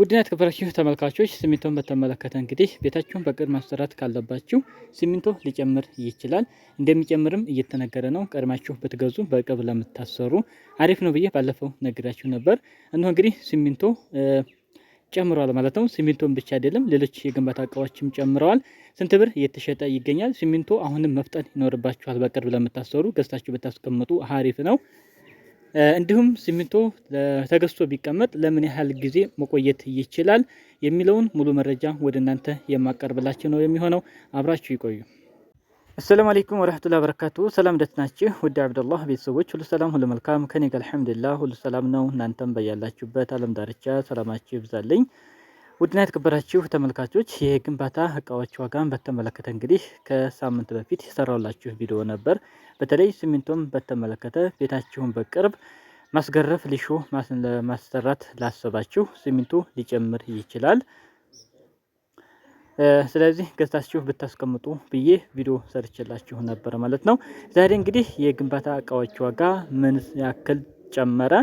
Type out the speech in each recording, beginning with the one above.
ውድና የተከበራችሁ ተመልካቾች ሲሚንቶን በተመለከተ እንግዲህ ቤታችሁን በቅድ ማሰራት ካለባችሁ ሲሚንቶ ሊጨምር ይችላል። እንደሚጨምርም እየተነገረ ነው። ቀድማችሁ ብትገዙ በቅብ ለምታሰሩ አሪፍ ነው ብዬ ባለፈው ነግራችሁ ነበር። እንሆ እንግዲህ ሲሚንቶ ጨምረዋል ማለት ነው። ሲሚንቶን ብቻ አይደለም ሌሎች የግንባታ እቃዎችም ጨምረዋል። ስንት ብር እየተሸጠ ይገኛል ሲሚንቶ? አሁንም መፍጠን ይኖርባችኋል። በቅርብ ለምታሰሩ ገዝታችሁ ብታስቀምጡ አሪፍ ነው። እንዲሁም ሲሚንቶ ተገዝቶ ቢቀመጥ ለምን ያህል ጊዜ መቆየት ይችላል የሚለውን ሙሉ መረጃ ወደ እናንተ የማቀርብላችሁ ነው የሚሆነው። አብራችሁ ይቆዩ። አሰላሙ አለይኩም ወረህመቱላሂ በረካቱ። ሰላም ደት ናችሁ? ውድ አብደላህ ቤተሰቦች ሁሉ ሰላም ሁሉ መልካም ከኔ ጋር አልሐምዱሊላህ ሁሉ ሰላም ነው። እናንተም በያላችሁበት አለም ዳርቻ ሰላማችሁ ይብዛልኝ። ውድና የተከበራችሁ ተመልካቾች የግንባታ እቃዎች ዋጋን በተመለከተ እንግዲህ ከሳምንት በፊት የሰራውላችሁ ቪዲዮ ነበር። በተለይ ሲሚንቶም በተመለከተ ቤታችሁን በቅርብ ማስገረፍ፣ ሊሾ ለማሰራት ላሰባችሁ ሲሚንቶ ሊጨምር ይችላል። ስለዚህ ገዝታችሁ ብታስቀምጡ ብዬ ቪዲዮ ሰርችላችሁ ነበር ማለት ነው። ዛሬ እንግዲህ የግንባታ እቃዎች ዋጋ ምን ያክል ጨመረ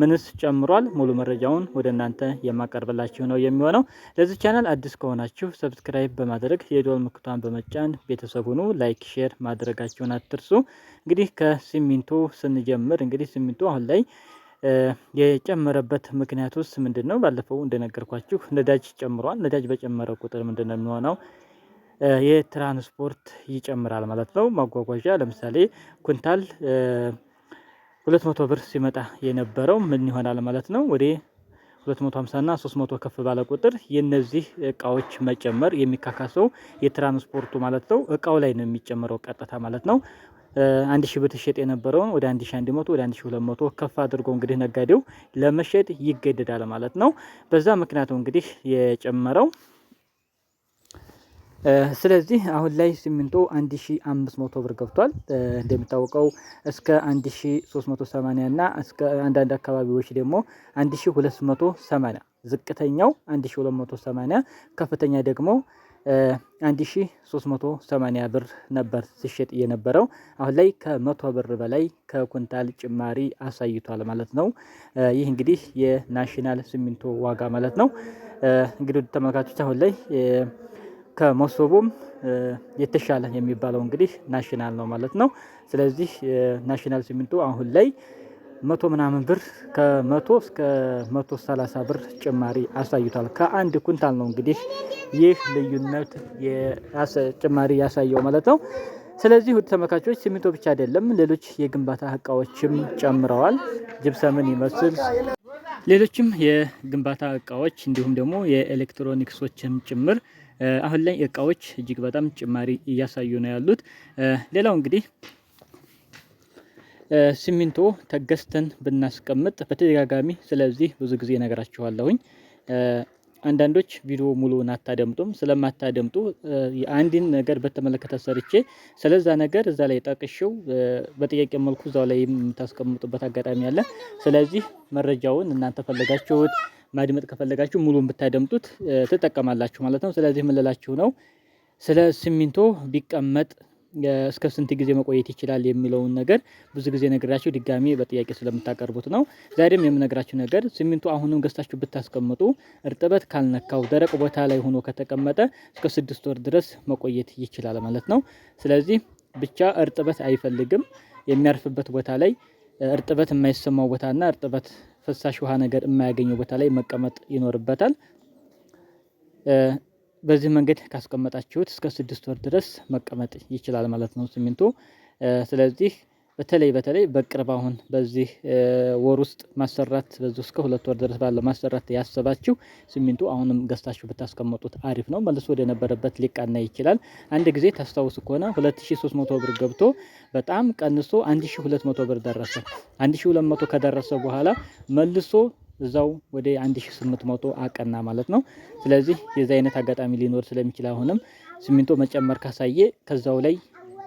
ምንስ ጨምሯል? ሙሉ መረጃውን ወደ እናንተ የማቀርብላችሁ ነው የሚሆነው። ለዚህ ቻናል አዲስ ከሆናችሁ ሰብስክራይብ በማድረግ የዶል ምክቷን በመጫን ቤተሰብ ሁኑ። ላይክ፣ ሼር ማድረጋችሁን አትርሱ። እንግዲህ ከሲሚንቶ ስንጀምር እንግዲህ ሲሚንቶ አሁን ላይ የጨመረበት ምክንያት ውስጥ ምንድን ነው? ባለፈው እንደነገርኳችሁ ነዳጅ ጨምሯል። ነዳጅ በጨመረ ቁጥር ምንድን ነው የሚሆነው? የትራንስፖርት ይጨምራል ማለት ነው። ማጓጓዣ ለምሳሌ ኩንታል ሁለት መቶ ብር ሲመጣ የነበረው ምን ይሆናል ማለት ነው ወደ 250 እና 300 ከፍ ባለ ቁጥር የነዚህ እቃዎች መጨመር የሚካካሰው የትራንስፖርቱ ማለት ነው እቃው ላይ ነው የሚጨመረው ቀጥታ ማለት ነው። አንድ ሺህ ብር ሲሸጥ የነበረውን ወደ 1100 ወደ 1200 ከፍ አድርጎ እንግዲህ ነጋዴው ለመሸጥ ይገደዳል ማለት ነው። በዛ ምክንያቱ እንግዲህ የጨመረው ስለዚህ አሁን ላይ ሲሚንቶ 1500 ብር ገብቷል። እንደሚታወቀው እስከ 1380 እና እስከ አንዳንድ አካባቢዎች ደግሞ 1280 ዝቅተኛው 1280 ከፍተኛ ደግሞ 1380 ብር ነበር ሲሸጥ የነበረው። አሁን ላይ ከመቶ ብር በላይ ከኩንታል ጭማሪ አሳይቷል ማለት ነው። ይህ እንግዲህ የናሽናል ሲሚንቶ ዋጋ ማለት ነው። እንግዲህ ተመልካቾች አሁን ላይ ከመሶቦም የተሻለ የሚባለው እንግዲህ ናሽናል ነው ማለት ነው። ስለዚህ ናሽናል ሲሚንቶ አሁን ላይ መቶ ምናምን ብር ከመቶ እስከ መቶ ሰላሳ ብር ጭማሪ አሳይቷል። ከአንድ ኩንታል ነው እንግዲህ ይህ ልዩነት ጭማሪ ያሳየው ማለት ነው። ስለዚህ ውድ ተመልካቾች ሲሚንቶ ብቻ አይደለም፣ ሌሎች የግንባታ እቃዎችም ጨምረዋል። ጅብሰምን ይመስል ሌሎችም የግንባታ እቃዎች እንዲሁም ደግሞ የኤሌክትሮኒክሶችም ጭምር አሁን ላይ እቃዎች እጅግ በጣም ጭማሪ እያሳዩ ነው ያሉት። ሌላው እንግዲህ ሲሚንቶ ተገዝተን ብናስቀምጥ በተደጋጋሚ ስለዚህ ብዙ ጊዜ ነገራችኋለሁኝ። አንዳንዶች ቪዲዮ ሙሉውን አታደምጡም። ስለማታደምጡ አንድን ነገር በተመለከተ ሰርቼ ስለዛ ነገር እዛ ላይ ጠቅሽው በጥያቄ መልኩ እዛው ላይ የምታስቀምጡበት አጋጣሚ አለ። ስለዚህ መረጃውን እናንተ ፈለጋችሁት ማድመጥ ከፈለጋችሁ ሙሉን ብታደምጡት ትጠቀማላችሁ ማለት ነው። ስለዚህ የምንላችሁ ነው ስለ ሲሚንቶ ቢቀመጥ እስከ ስንት ጊዜ መቆየት ይችላል የሚለውን ነገር ብዙ ጊዜ ነግራችሁ ድጋሚ በጥያቄ ስለምታቀርቡት ነው። ዛሬም የምነግራችሁ ነገር ሲሚንቶ አሁንም ገዝታችሁ ብታስቀምጡ እርጥበት ካልነካው ደረቅ ቦታ ላይ ሆኖ ከተቀመጠ እስከ ስድስት ወር ድረስ መቆየት ይችላል ማለት ነው። ስለዚህ ብቻ እርጥበት አይፈልግም የሚያርፍበት ቦታ ላይ እርጥበት የማይሰማው ቦታና እርጥበት ፈሳሽ ውሃ ነገር የማያገኘው ቦታ ላይ መቀመጥ ይኖርበታል። በዚህ መንገድ ካስቀመጣችሁት እስከ ስድስት ወር ድረስ መቀመጥ ይችላል ማለት ነው ሲሚንቶ። ስለዚህ በተለይ በተለይ በቅርብ አሁን በዚህ ወር ውስጥ ማሰራት በዚህ እስከ ሁለት ወር ድረስ ባለው ማሰራት ያሰባችሁ ሲሚንቶ አሁንም ገዝታችሁ ብታስቀምጡት አሪፍ ነው። መልሶ ወደ ነበረበት ሊቃና ይችላል። አንድ ጊዜ ታስታውስ ከሆነ 2300 ብር ገብቶ በጣም ቀንሶ 1200 ብር ደረሰ። 1200 ከደረሰ በኋላ መልሶ እዛው ወደ 1800 አቀና ማለት ነው። ስለዚህ የዚ አይነት አጋጣሚ ሊኖር ስለሚችል አሁንም ሲሚንቶ መጨመር ካሳየ ከዛው ላይ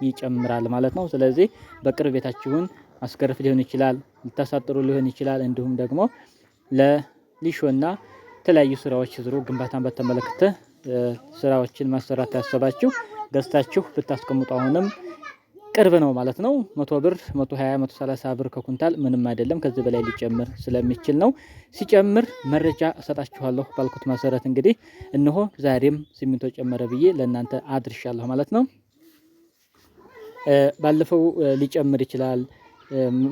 ይጨምራል ማለት ነው። ስለዚህ በቅርብ ቤታችሁን አስገርፍ ሊሆን ይችላል፣ ልታሳጥሩ ሊሆን ይችላል። እንዲሁም ደግሞ ለሊሾና የተለያዩ ስራዎች ዝሮ ግንባታን በተመለከተ ስራዎችን ማሰራት ያሰባችሁ ገዝታችሁ ብታስቀምጡ አሁንም ቅርብ ነው ማለት ነው። መቶ ብር 120 130 ብር ከኩንታል ምንም አይደለም። ከዚህ በላይ ሊጨምር ስለሚችል ነው። ሲጨምር መረጃ እሰጣችኋለሁ ባልኩት መሰረት እንግዲህ እነሆ ዛሬም ሲሚንቶ ጨመረ ብዬ ለእናንተ አድርሻለሁ ማለት ነው። ባለፈው ሊጨምር ይችላል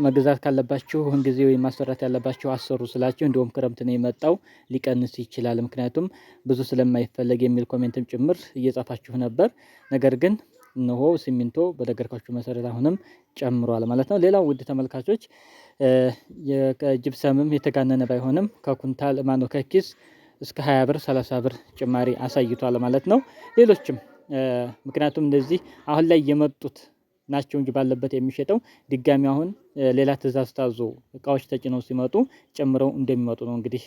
መግዛት ካለባችሁ ሁን ጊዜ ወይም ማሰራት ያለባችሁ አሰሩ ስላችሁ እንዲሁም ክረምት ነው የመጣው ሊቀንስ ይችላል ምክንያቱም ብዙ ስለማይፈለግ የሚል ኮሜንትም ጭምር እየጻፋችሁ ነበር ነገር ግን እነሆ ሲሚንቶ በነገርኳችሁ መሰረት አሁንም ጨምሯል ማለት ነው። ሌላው ውድ ተመልካቾች ጅብሰምም የተጋነነ ባይሆንም ከኩንታል ማኖ ከኪስ እስከ 20 ብር 30 ብር ጭማሪ አሳይቷል ማለት ነው። ሌሎችም ምክንያቱም እንደዚህ አሁን ላይ የመጡት ናቸው እንጂ ባለበት የሚሸጠው ድጋሚ አሁን ሌላ ትእዛዝ ታዞ እቃዎች ተጭነው ሲመጡ ጨምረው እንደሚመጡ ነው እንግዲህ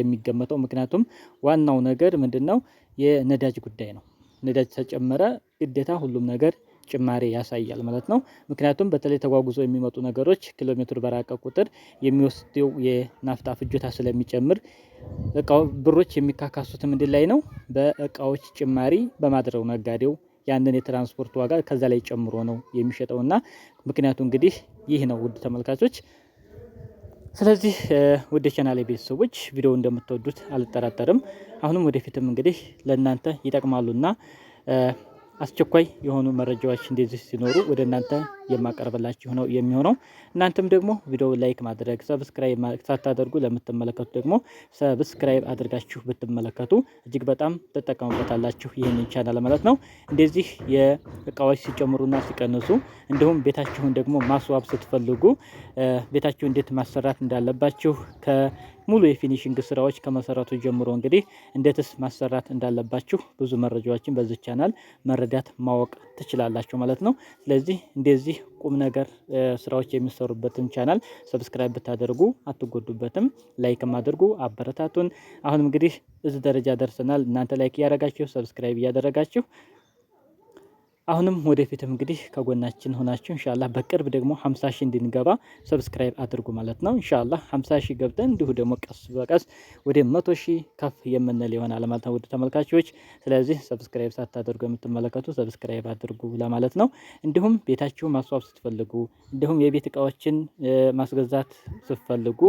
የሚገመተው። ምክንያቱም ዋናው ነገር ምንድን ነው? የነዳጅ ጉዳይ ነው። ነዳጅ ተጨመረ ግዴታ ሁሉም ነገር ጭማሪ ያሳያል ማለት ነው። ምክንያቱም በተለይ ተጓጉዞ የሚመጡ ነገሮች ኪሎ ሜትር በራቀ ቁጥር የሚወስደው የናፍጣ ፍጆታ ስለሚጨምር ብሮች የሚካካሱት ምንድን ላይ ነው? በእቃዎች ጭማሪ በማድረው ነጋዴው ያንን የትራንስፖርት ዋጋ ከዛ ላይ ጨምሮ ነው የሚሸጠው እና ምክንያቱ እንግዲህ ይህ ነው ውድ ተመልካቾች። ስለዚህ ወደ ቻናሌ ቤተሰቦች ቪዲዮ እንደምትወዱት አልጠራጠርም። አሁንም ወደፊትም እንግዲህ ለእናንተ ይጠቅማሉና አስቸኳይ የሆኑ መረጃዎች እንደዚህ ሲኖሩ ወደ እናንተ የማቀርብላችሁ ነው የሚሆነው። እናንተም ደግሞ ቪዲዮ ላይክ ማድረግ ሰብስክራይብ ሳታደርጉ ለምትመለከቱ ደግሞ ሰብስክራይብ አድርጋችሁ ብትመለከቱ እጅግ በጣም ትጠቀሙበታላችሁ ይህንን ቻናል ማለት ነው። እንደዚህ የእቃዎች ሲጨምሩና ሲቀንሱ እንዲሁም ቤታችሁን ደግሞ ማስዋብ ስትፈልጉ ቤታችሁ እንዴት ማሰራት እንዳለባችሁ ሙሉ የፊኒሽንግ ስራዎች ከመሰረቱ ጀምሮ እንግዲህ እንዴትስ ማሰራት እንዳለባችሁ ብዙ መረጃዎችን በዚህ ቻናል መረዳት ማወቅ ትችላላችሁ ማለት ነው። ስለዚህ እንደዚህ ቁም ነገር ስራዎች የሚሰሩበትን ቻናል ሰብስክራይብ ብታደርጉ አትጎዱበትም። ላይክም አድርጉ አበረታቱን። አሁንም እንግዲህ እዚህ ደረጃ ደርሰናል። እናንተ ላይክ እያደረጋችሁ ሰብስክራይብ እያደረጋችሁ አሁንም ወደፊትም እንግዲህ ከጎናችን ሆናችሁ እንሻላ በቅርብ ደግሞ 50 ሺህ እንድንገባ ሰብስክራይብ አድርጉ ማለት ነው። እንሻላ 50 ሺህ ገብተን እንዲሁ ደግሞ ቀስ በቀስ ወደ 100 ሺህ ከፍ የምንል ይሆናል ማለት ነው ውድ ተመልካቾች። ስለዚህ ሰብስክራይብ ሳታደርጉ የምትመለከቱ ሰብስክራይብ አድርጉ ለማለት ነው። እንዲሁም ቤታችሁ ማስዋብ ስትፈልጉ፣ እንዲሁም የቤት እቃዎችን ማስገዛት ስትፈልጉ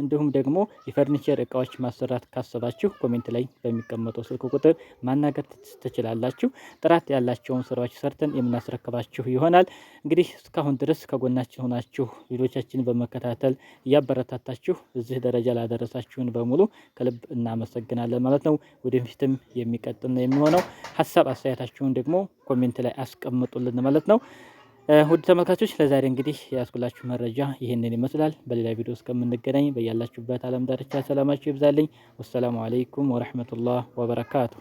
እንዲሁም ደግሞ የፈርኒቸር እቃዎች ማሰራት ካሰባችሁ ኮሜንት ላይ በሚቀመጠው ስልክ ቁጥር ማናገር ትችላላችሁ። ጥራት ያላቸውን ስራዎች ሰርተን የምናስረክባችሁ ይሆናል። እንግዲህ እስካሁን ድረስ ከጎናችን ሆናችሁ ቪዲዮቻችን በመከታተል እያበረታታችሁ እዚህ ደረጃ ላደረሳችሁን በሙሉ ከልብ እናመሰግናለን ማለት ነው። ወደፊትም የሚቀጥል ነው የሚሆነው። ሀሳብ አስተያየታችሁን ደግሞ ኮሜንት ላይ አስቀምጡልን ማለት ነው። ውድ ተመልካቾች ለዛሬ እንግዲህ ያስኩላችሁ መረጃ ይህንን ይመስላል። በሌላ ቪዲዮ እስከምንገናኝ በያላችሁበት ዓለም ዳርቻ ሰላማችሁ ይብዛልኝ። ወሰላሙ አለይኩም ወረህመቱላህ ወበረካቱ